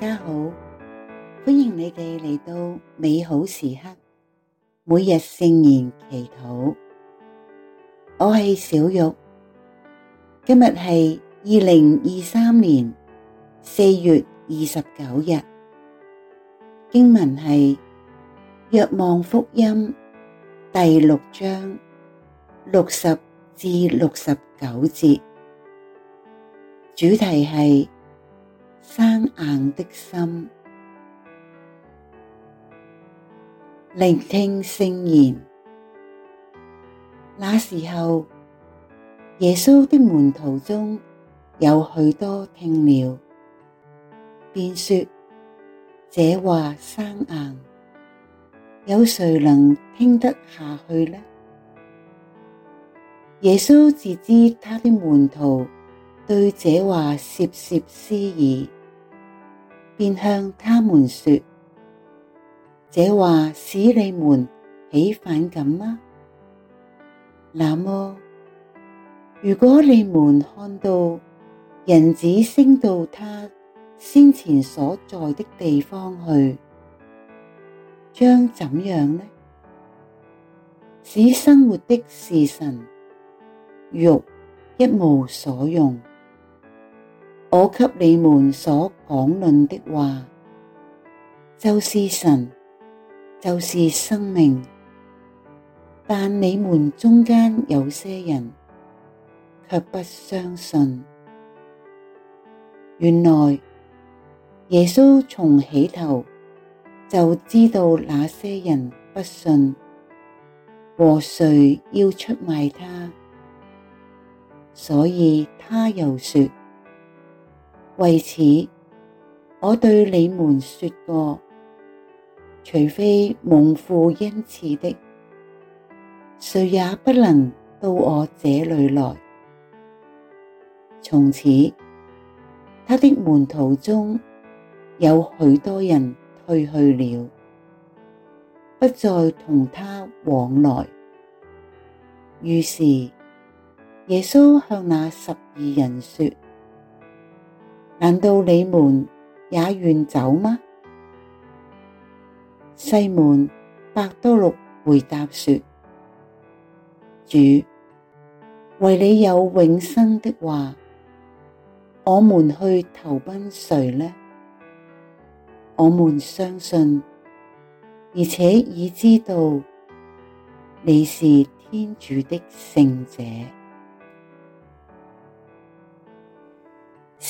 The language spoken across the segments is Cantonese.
大家好，歡迎你哋嚟到美好時刻，每日聖言祈禱。我係小玉，今日係二零二三年四月二十九日，經文係《若望福音》第六章六十至六十九節，主題係。生硬的心，聆聽聖言。那時候，耶穌的門徒中有許多聽了，便說：這話生硬，有誰能聽得下去呢？耶穌自知他的門徒對這話竊竊私議。便向他們說：這話使你們起反感嗎？那麼，如果你們看到人子升到他先前所在的地方去，將怎樣呢？使生活的是神，肉一無所用。我給你們所講論的話，就是神，就是生命。但你們中間有些人卻不相信。原來耶穌從起頭就知道那些人不信，和誰要出賣他，所以他又說。為此，我對你們說過，除非蒙父恩賜的，誰也不能到我這裏來。從此，他的門徒中有許多人退去了，不再同他往來。於是，耶穌向那十二人說。難道你們也願走嗎？西門伯多祿回答說：主，惟你有永生的話，我們去投奔誰呢？我們相信，而且已知道你是天主的聖者。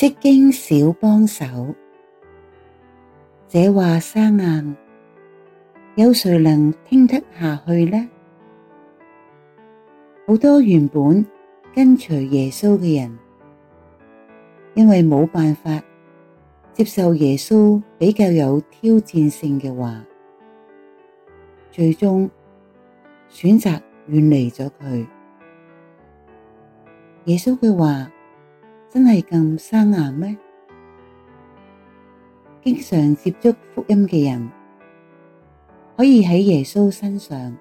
釋經小幫手，這話生硬，有誰能聽得下去呢？好多原本跟隨耶穌嘅人，因為冇辦法，接受耶穌比較有挑戰性嘅話，最終，選擇遠離咗佢。耶穌嘅話，真係咁生硬咩？經常接觸福音嘅人，可以喺耶穌身上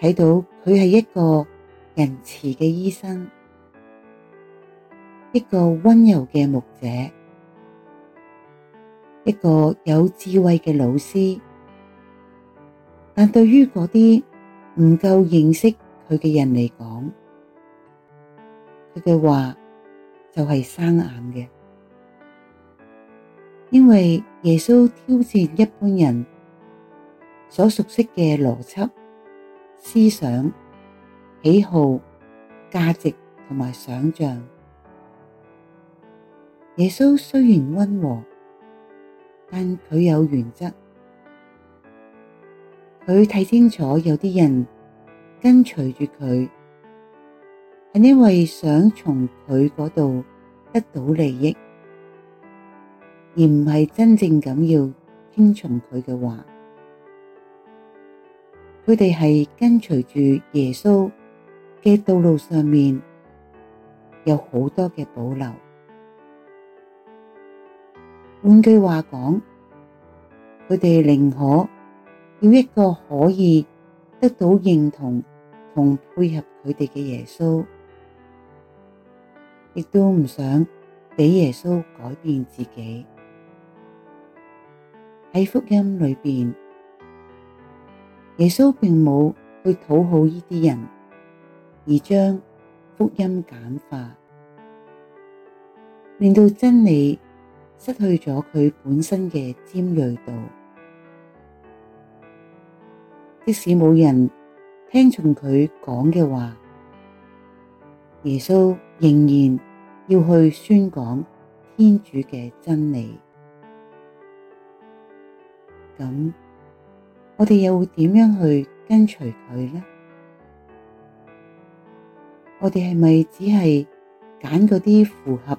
睇到佢係一個仁慈嘅醫生，一個溫柔嘅牧者，一個有智慧嘅老師。但對於嗰啲唔夠認識佢嘅人嚟講，佢嘅話，就係生硬嘅，因為耶穌挑戰一般人所熟悉嘅邏輯、思想、喜好、價值同埋想象耶穌雖然温和，但佢有原則，佢睇清楚有啲人跟隨住佢，係因為想從佢嗰度。得到利益，而唔係真正咁要聽從佢嘅話，佢哋係跟隨住耶穌嘅道路上面有好多嘅保留。換句話講，佢哋寧可要一個可以得到認同同配合佢哋嘅耶穌。亦都唔想俾耶穌改變自己。喺福音裏邊，耶穌並冇去討好呢啲人，而將福音簡化，令到真理失去咗佢本身嘅尖銳度。即使冇人聽從佢講嘅話，耶穌。仍然要去宣講天主嘅真理，咁我哋又會點樣去跟隨佢呢？我哋係咪只係揀嗰啲符合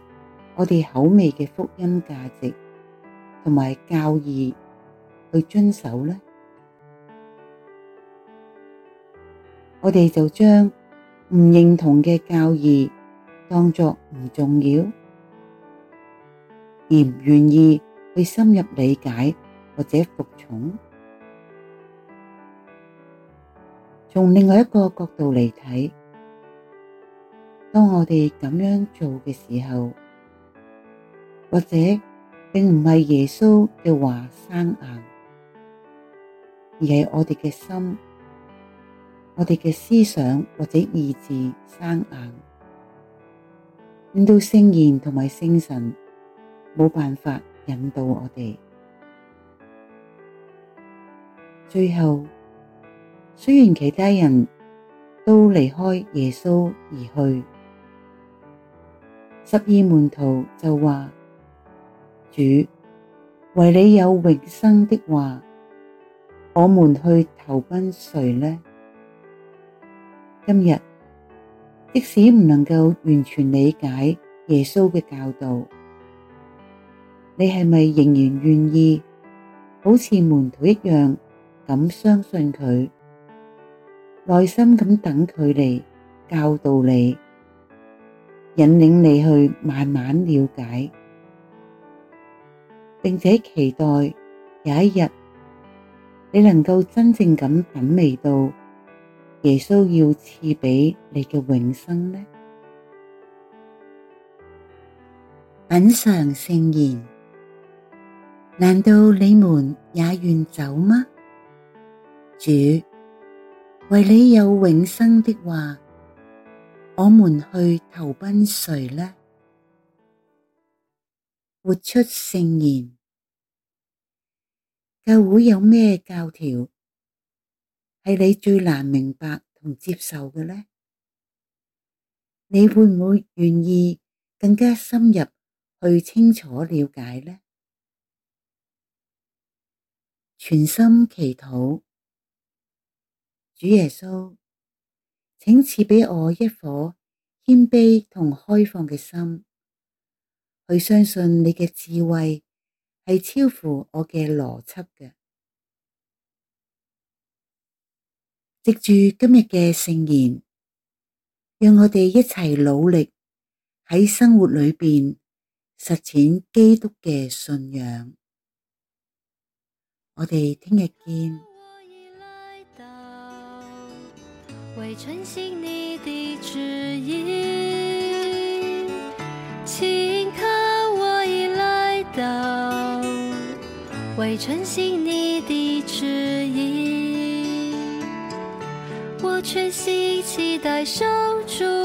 我哋口味嘅福音價值同埋教義去遵守呢？我哋就將唔認同嘅教義，當作唔重要，而唔願意去深入理解或者服從。從另外一個角度嚟睇，當我哋咁樣做嘅時候，或者並唔係耶穌嘅話生硬，而係我哋嘅心、我哋嘅思想或者意志生硬。令到聖言同埋聖神冇辦法引導我哋，最後雖然其他人都離開耶穌而去，十二門徒就話：主惟你有永生的話，我們去投奔誰呢？今日。即使唔能夠完全理解耶穌嘅教導，你係咪仍然願意好似門徒一樣咁相信佢，耐心咁等佢嚟教導你，引領你去慢慢了解，並且期待有一日你能夠真正咁品味到耶穌要賜畀你嘅永生呢？品嚐聖言，難道你們也願走嗎？主，惟祢有永生的話，我們去投奔誰呢？活出聖言，教會有咩教條？係你最難明白同接受嘅呢？你會唔會願意更加深入去清楚了解呢？全心祈禱，主耶穌，請賜畀我一顆謙卑同開放嘅心，去相信你嘅智慧係超乎我嘅邏輯嘅。藉住今日嘅聖言，讓我哋一齊努力喺生活裏邊實踐基督嘅信仰。我哋聽日見。吹息，期待，守住。